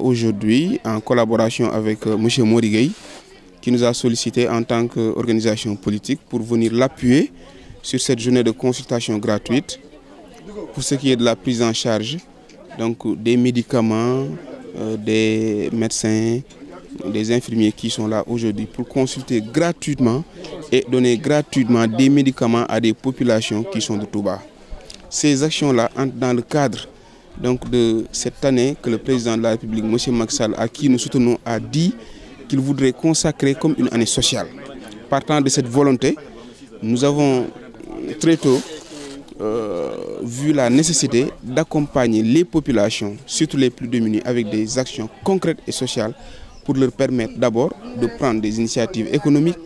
Aujourd'hui, en collaboration avec euh, monsieur Morigueil, qui nous a sollicité en tant qu'organisation politique pour venir l'appuyer sur cette journée de consultation gratuite pour ce qui est de la prise en charge donc des médicaments, euh, des médecins, des infirmiers qui sont là aujourd'hui pour consulter gratuitement et donner gratuitement des médicaments à des populations qui sont de Touba. Ces actions-là entrent dans le cadre donc de cette année que le président de la République, M. Maxal, à qui nous soutenons, a dit qu'il voudrait consacrer comme une année sociale. Partant de cette volonté, nous avons très tôt euh, vu la nécessité d'accompagner les populations, surtout les plus démunies, avec des actions concrètes et sociales pour leur permettre d'abord de prendre des initiatives économiques,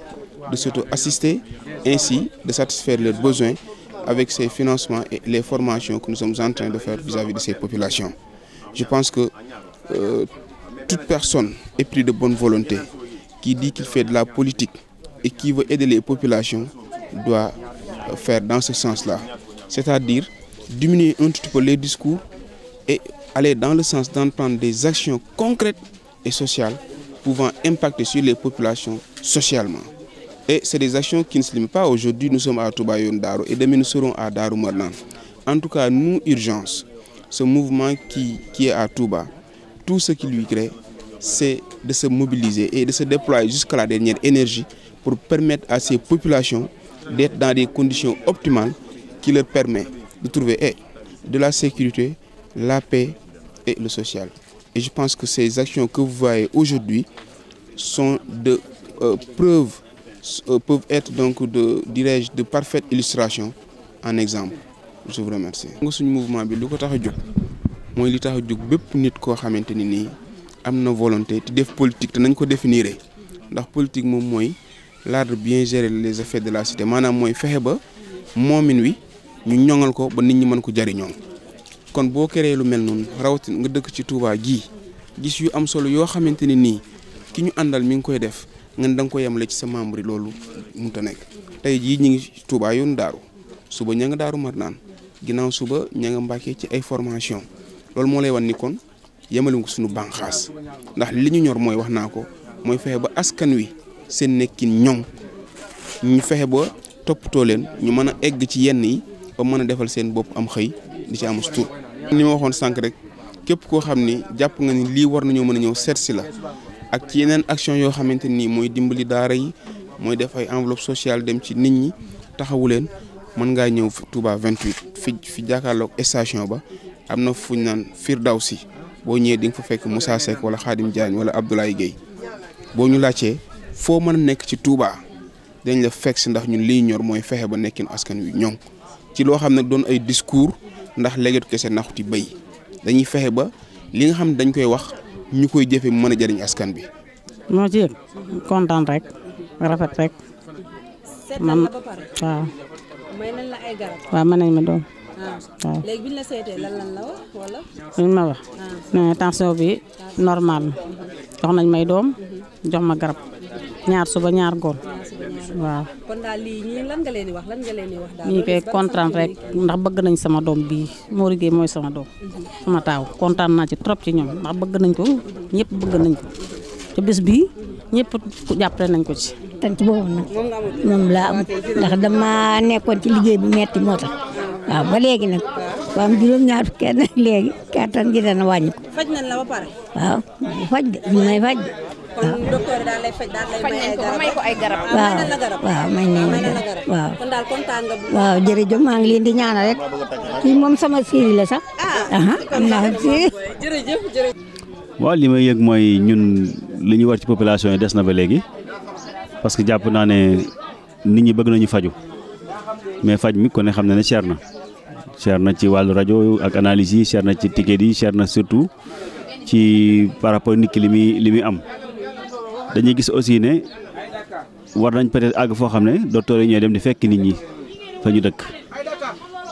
de surtout assister ainsi de satisfaire leurs besoins avec ces financements et les formations que nous sommes en train de faire vis-à-vis de ces populations. Je pense que euh, toute personne épris de bonne volonté qui dit qu'il fait de la politique et qui veut aider les populations doit faire dans ce sens-là. C'est-à-dire diminuer un tout petit peu les discours et aller dans le sens d'entendre des actions concrètes et sociales pouvant impacter sur les populations socialement. Et c'est des actions qui ne se limitent pas. Aujourd'hui, nous sommes à Toubayon Daro et demain, nous serons à Daru Marnan. En tout cas, nous, Urgence, ce mouvement qui, est à Touba, tout ce qui lui crée, c'est de se mobiliser et de se déployer jusqu'à la dernière énergie pour permettre à ces populations d'être dans des conditions optimales qui leur permettent de trouver hey, eh, de la sécurité, la paix et le social. Et je pense que ces actions que vous voyez aujourd'hui sont de euh, Euh, peuvent être donc de dirais-je de parfaite illustration en exemple je vous remercie. nga suñu mouvement bi lu ko tax a jóg mooy li tax a jóg bépp nit koo xamante ni nii am na volonté te def politique te nañ ko définir ndax politique moom mooy l'art bien gérer les effets de la cité maanaam mooy fexe ba moomin wi ñu ñoŋal ko ba nit ñi mën ko jariñoo kon boo créé lu mel noonu rawatina nga dëkk ci Touba jii gis yu am solo yoo xamante ni nii ki ñu àndal mi ngi koy def. nga ne da nga ko yemale ci sa membre yi loolu mënut a nekk tey jii ñu ngi Touba yoonu daaru suba ña nga daaru mar naan ginnaaw suba ña nga Mbàkke ci ay formation loolu moo lay wan ni kon yemale ko suñu bànqaas ndax li ñu ñor mooy wax naa ko mooy fexe ba askan wi seen nekkin ñoŋ ñu fexe ba toppatoo leen ñu mën a egg ci yenn yi ba mën a defal seen bopp am xëy di ci am tur. ni ma waxoon sànq rek képp koo xam ni jàpp nga ni lii war nañoo mën a ñëw seet si la. ak ci yeneen action yoo xamante nii mooy dimbali daara yi mooy def ay enveloppe sociale dem ci nit ñi taxawu leen mën ngaa ñëw Touba 28 fi fi jàkkaarloog station ba am na fuñ naan si boo ñëwee di nga fa fekk Moussa Seck wala Khadim Diagne wala Abdoulaye Guèye boo ñu laajtee foo mën a nekk ci Touba dañ la fekk si ndax ñun lii ñor mooy fexe ba nekkin askan wi ñoŋ ci loo xam ne doon ay discours ndax léegi kese naxuti béy dañuy fexe ba li nga xam ne dañ koy wax ñu koy jëfe mën a jëriñ askan bi. moo ci yëg kontaan rek rafet rek man waaw. waaw mën nañ ma doom. Ah. waaw léegi bi ma wax. Ah. tension bi normal mhm. jox nañ may doom jox ma garab ñaar suba ñaar góor. waaw kon daal lii ñii lan nga leen di wax lan nga leen di wax daal ñu koy kontaan rek ndax bëgg nañ sama doom bii moo Gueye mooy sama doom mhm. sama taaw kontaan naa ci trop ci ñoom ndax bëgg nañ ko ñëpp bëgg nañ ko te bis bii ñëpp jàppale nañ ko ci tant boobu nag moom laa am ndax dama nekkoon ci liggéey bu metti moo tax waaw ba léegi nag waaw am juróom-ñaar fukki nag léegi kattan gi dana wàññi ko faj nañ faj de ñu may faj de waaw waaw may jërëjëf maa ngi leen di ñaanal rek kii moom sama séeri la sax ah, am naa si jërëjëf jërëjëf waaw li may yëg mooy ñun li ñu war ci population yi des na ba léegi parce que jàpp naa ne nit ñi bëgg nañu faju mais faj mi ko ne xam na ne cher na cher na ci wàllu rajo ak analyse yi cher na ci ticket yi cher na surtout ci par rapport nit li muy am dañuy gis aussi ne war nañ peut-être àgg foo xam ne docteur yi ñooy dem di fekk nit ñi fa ñu dëkk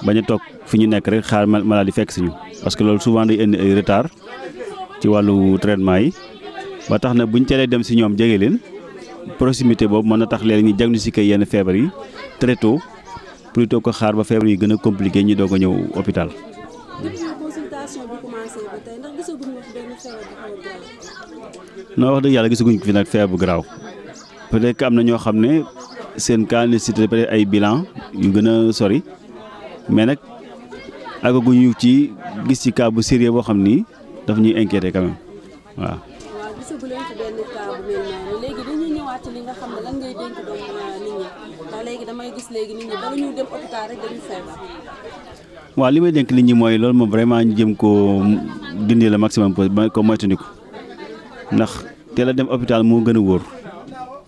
bañ a toog fi ñu nekk rek xaar di fekk si ñu parce que loolu souvent day indi ay retard ci wàllu traitement yi ba tax na buñ teelee dem si ñoom jege leen proximité boobu mën na tax leen ñu diagnostiqué yenn feebar yi très tôt plutôt que xaar ba feebar yi gën a compliqué ñu doog a ñëw hôpital. non wax dëgg yàlla gisaguñ ko fi nag feebar bu garaaw peut-être am na ñoo xam ne seen cas nécessité peut-être ay bilan yu gën a sori mais nag àggaguñu ci gis ci cas bu boo xam ni daf ñuy inquiété quand même waaw. Euh, waaw li may dénk nit ñi mooy loolu moom vraiment ñu jëm ko dindi le maximum ko moytandiku ndax teel a dem hôpital moo gën a wóor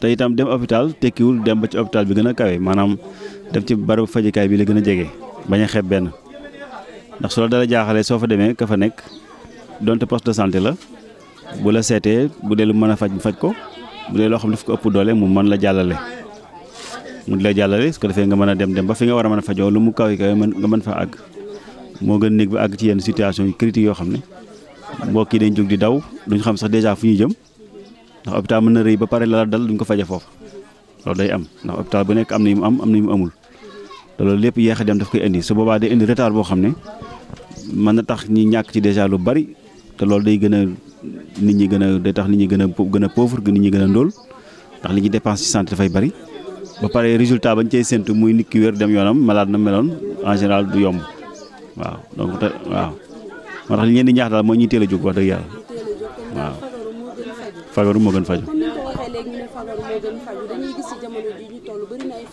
te itam dem hôpital tekkiwul dem ba ci hôpital bi gën a kawe maanaam def ci barabu fajukaay bi la gën a jege bañ a xeeb benn ndax su la dara jaaxalee soo fa demee ka fa nekk donte poste de santé la bu la seetee bu dee lu mën a faj bu faj ko bu dee loo xam ne daf ko ëpp doole mu mën la jàllale. mu di la jàllale su ko defee nga mën a dem dem ba fi nga war a mën a fajoo lu mu kaw yi kawe nga mën fa àgg moo gën néeg bi ci yenn situation yu critique yoo xam ne. mbokk yi dañ jóg di daw duñ xam sax dèjà fu ñuy jëm ndax hôpital mën na rëy ba pare la dal duñ ko faje foofu loolu day am ndax hôpital bu nekk am na yu mu am am na yu mu amul te loolu lépp yéex a dem daf koy indi su boobaa day indi retard boo xam ne mën na tax ñi ñàkk ci dèjà lu bari te loolu day gën a nit ñi gën a day tax nit ñi gën a gën a pauvre nit ñi gën a ndóol ndax li ñi dépense ci santé dafay bari ba pare résultat bañ cey séntu muy nit ki wér dem yoonam malade na meloon en général du yomb waaw donc te moo tax li ngeen di ñaax daal mooy ñuy teel a jóg wax dëgg yàlla waaw fagaru moo gën faju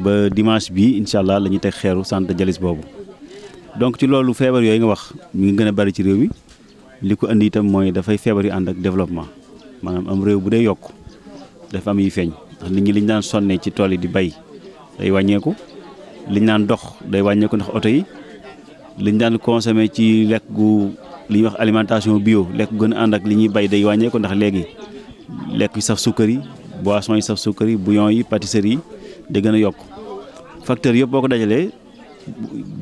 ba dimanche bi incha allah la ñuy teg xeeru sant de boobu donc ci loolu feebar yooyu nga wax mi ngi gën a bari ci réew yi li ko indi itam mooy dafay feebar yu ànd ak développement maanaam am réew bu dee yokk dafa am yi feeñ ndax nit ñi liñ daan sonnee ci tool yi di bay day wàññeeku liñ daan dox day wàññeeku ndax oto yi liñ daan consommer ci lekk gu li ñu wax alimentation bio lekk gu gën a ànd ak li ñuy bay day wàññeeku ndax léegi lekk yi saf sukkar yi boisson yi saf sukkar yi bouillon yi pâtisserie yi da gën a yokk facteur yëpp boo ko dajalee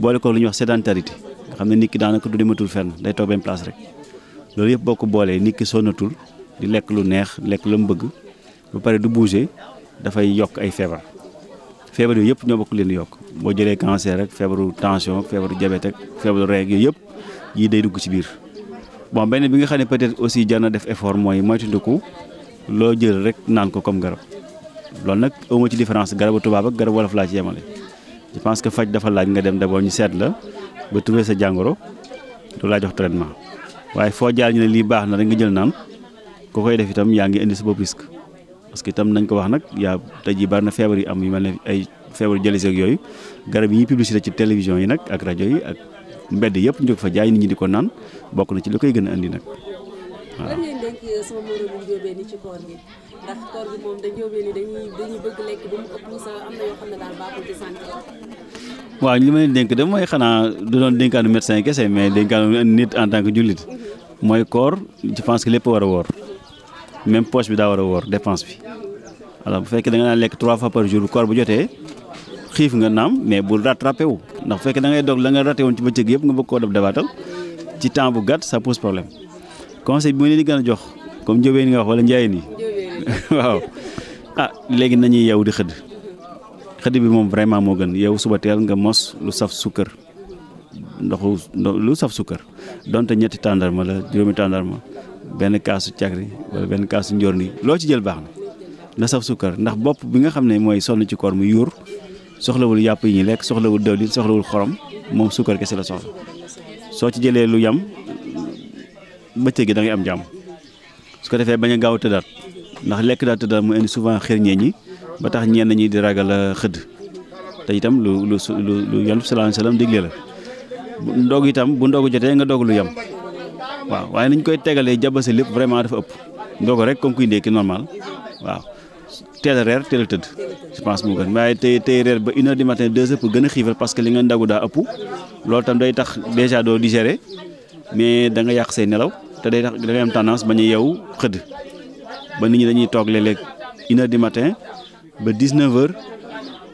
boole ko lu ñuy wax sédentarité xam ne nit ki daanaka du dematul fenn day toog benn place rek loolu yëpp boo ko boolee nit ki sonnatul di lekk lu neex lekk lu mu bëgg ba pare du bouger dafay yokk ay feebar feebar yooyu yëpp ñoo bokk leen yokk boo jëlee cancer rek feebaru tension feebaru diabète ak feebaru rey yooyu yëpp yii day dugg si biir bon benn bi nga xam ne peut-être aussi jar na def effort mooy moytandiku loo jël rek naan ko comme garab loolu nag amoo ci différence garabu tubaab ak garabu wolof laa ci yemale je faj dafa laaj nga dem d'abord ñu seet la ba trouver sa jàngoro du laa jox traitement waaye foo jaar ñu ne lii baax na rek nga jël naan ku koy def itam yaa ngi indi sa bopp risque parce que itam nañ ko wax nag yaa tey jii bari na feebar yi am yu mel ne ay feebar dialyse ak yooyu garab yi ñuy publicité ci télévision yi nag ak rajo yi ak mbedd yëpp ñu ko fa jaay nit ñi di ko naan bokk ci li koy gën a indi nag. lan ngeen dénk euh, sama waaw li may dénk de mooy xanaa du doon dénkaanu médecin kese mais dénkaanu nit en tant que jullit mhm. mooy koor je pense lépp war a woor même poche bi daa war a woor dépense bi alors bu fekkee da nga naan lekk trois fois par jour koor bu jotee xiif nga naam mais bu rattrapé wu ndax bu fekkee da ngay doog la nga raté woon ci bëccëg yëpp nga bëgg koo def dabaatal ci temps bu gàtt sa pose problème conseil bi ma leen gën a jox comme Ndiobène nga wax wala Ndiayeen yi waaw ah léegi nañuy yow di xëdd xëdd bi moom vraiment moo gën yow suba teel nga mos lu saf sukkër ndoxu lu saf sukkër donte ñetti tàndarma la juróomi tàndarma benn kaasu cakri wala benn kaasu njorni loo ci jël baax na na saf sukkër ndax bopp bi nga xam ne mooy sonn ci koor mu yuur soxlawul yàpp yi ñuy lekk soxlawul dawlin soxlawul xorom moom sukkër kese la soxla soo ci jëlee lu yam bëccëg gi da ngay am jàmm su ko defee bañ a gaaw tëddaat ndax lekk daa tëddaat mu indi souvent xërñee ñi ba tax ñenn ñi di ragal a xëdd te itam lu lu lu lu yonent bi sallallahu alayhi wasallam digle la ndogu itam bu ndogu jotee nga doog lu yem waaw waaye nañ koy tegalee jabase lépp vraiment dafa ëpp ndogu rek comme kuy ndékki normal waaw teel a reer teel tëdd je pense mu gën waaye tey tey reer ba une heure du matin deux heures pour gën a xiifal parce que li nga ndagu daa ëpp loolu tam day tax déjà doo digérer mais da nga yàq say nelaw te day tax da ngay am tendance ba ñu yeewu xëdd ba nit ñi dañuy toog léeg-léeg di heure du matin ba 19 heures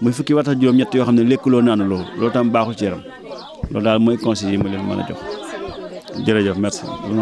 muy fukki waxtu ak juróom-ñett yoo xam ne lekkuloo naanuloo loolu tam baaxul ci yaram loolu daal mooy conseil yi ma leen mën a jox jërëjëf merci.